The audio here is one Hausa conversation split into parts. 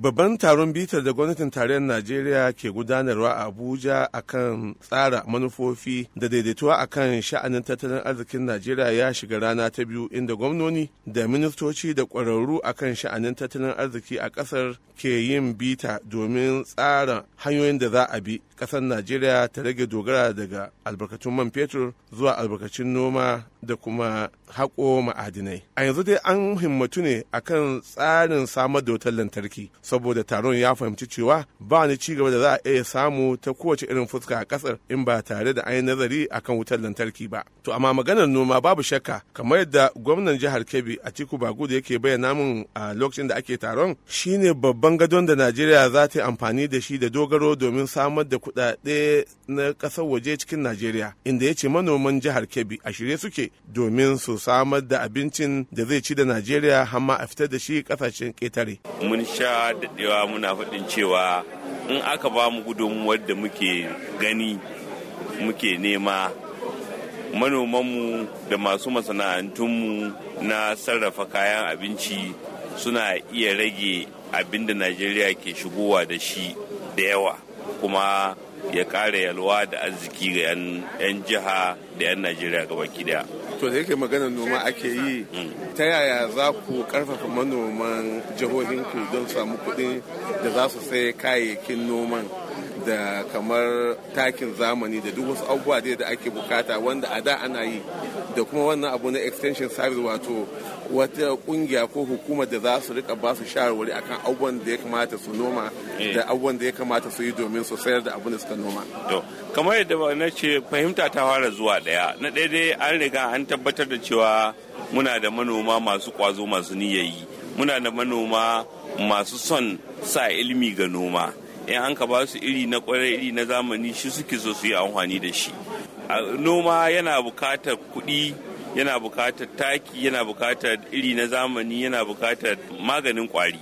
Babban taron bitar da gwamnatin tarayyar Najeriya ke gudanarwa a Abuja akan tsara manufofi da daidaituwa akan sha'anin tattalin arzikin Najeriya ya shiga rana ta biyu inda gwamnoni da ministoci da ƙwararru akan sha'anin tattalin arziki a ƙasar ke yin bita domin tsara hanyoyin da za a bi ƙasar Najeriya ta rage dogara daga albarkatun man fetur zuwa albarkacin noma da kuma haƙo ma'adinai a yanzu dai an himmatu ne akan tsarin samar da wutar lantarki saboda taron ya fahimci cewa ba ni ci gaba da za a iya samu ta kowace irin fuska a ƙasar in ba tare da an yi nazari akan wutar lantarki ba to amma maganar noma babu shakka kamar yadda gwamnan jihar kebbi a atiku da yake bayyana mun a lokacin da ake taron shine babban gadon da najeriya za ta yi amfani da shi da dogaro domin samar da kuɗaɗe na ƙasar waje cikin najeriya inda ya ce manoman jihar kebbi a shirye suke domin su samar da abincin da zai ci da najeriya hamma a fitar da shi kasashen ketare mun sha daɗewa muna faɗin cewa in aka ba mu gudunmuwar da muke gani muke nema manomanmu da masu masana'antunmu na sarrafa kayan abinci suna iya rage abin da najeriya ke shigowa da shi da yawa kuma ya ƙara yalwa da arziki ga 'yan jiha da 'yan najeriya gabaki daya to da yake maganar noma ake yi ta yaya za ku karfafa manoman jihohinku don samu kuɗin da za su sai kayayyakin noman da kamar takin zamani da duk wasu abubuwa dai da ake bukata wanda a da ana yi da kuma wannan abu na extension service wato wata kungiya ko hukumar da za su rika ba su shawarwari akan abubuwan da ya kamata su noma eh. da abubuwan da ya kamata su yi domin su sayar da abin da suka noma. kamar yadda na ce fahimta ta fara zuwa daya na daidai an riga an tabbatar da cewa muna da manoma masu kwazo masu niyayi muna da manoma masu son sa ilimi ga noma in an ka ba su iri na kwarai iri na zamani shi suke so su yi amfani da shi noma yana bukatar kuɗi yana bukatar taki yana bukatar iri na zamani yana bukatar maganin kwari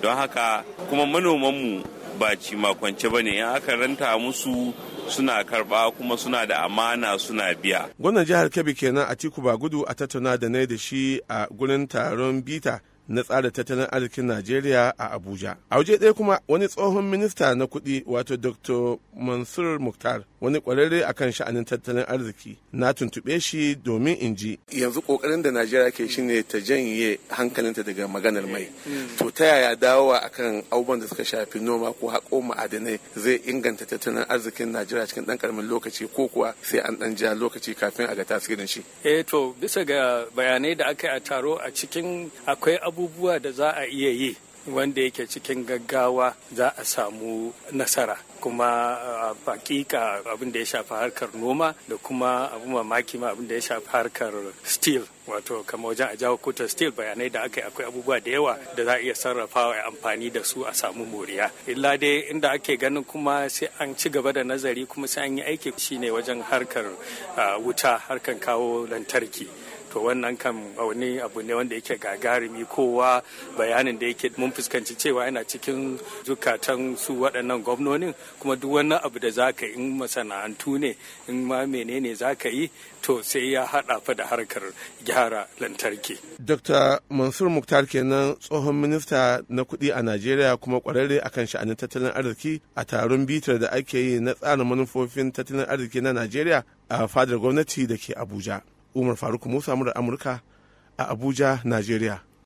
don haka kuma manomanmu ba ci makwance ba ne in aka ranta musu suna karba kuma suna da amana suna biya. Gwamnan jihar Kebbi kenan a Tiku gudu a tattauna da na da shi a gurin taron bita na tsara tattalin arzikin Najeriya a Abuja. A waje ɗaya kuma wani tsohon minista na kuɗi wato Dr. Mansur Mukhtar wani ƙwararre akan sha'anin tattalin arziki na tuntuɓe shi domin in ji. Yanzu ƙoƙarin da Najeriya ke shine ta janye hankalinta daga maganar mai. Mm. To ta yaya dawowa akan abubuwan da suka shafi noma ko haƙo ma'adanai zai inganta tattalin arzikin Najeriya cikin ɗan ƙaramin lokaci ko kuwa sai an ɗan ja lokaci kafin a ga tasirin shi. Eh to bisa ga bayanai da aka yi a taro a cikin akwai abu abubuwa da za a iya yi wanda yake cikin gaggawa za a samu nasara kuma ah, hakika abin da ya shafi harkar noma da kuma abin mamaki ma abin da ya shafi harkar steel wato kama wajen a jawo kotar steel bayanai da aka yi akwai abubuwa da yawa da za a iya sarrafa a amfani da su a samu moriya illa dai inda ake ganin kuma sai an ci gaba da nazari kuma sai an yi aiki shine wajen harkar ah, wuta harkar kawo lantarki to wannan kan wani abu ne wanda yake gagarumi kowa bayanin da yake mun fuskanci cewa yana cikin zukatan su waɗannan gwamnonin kuma duk wani abu da zaka yi in masana'antu ne in ma menene zaka yi to sai ya haɗa fa da harkar gyara lantarki. Dr. Mansur Muktar kenan tsohon minista na kuɗi a Najeriya kuma ƙwararre akan sha'anin tattalin arziki a taron bitar da ake yi na tsarin manufofin tattalin arziki na Najeriya a fadar gwamnati da ke Abuja. umar faruk musa murar amurka a abuja najeriya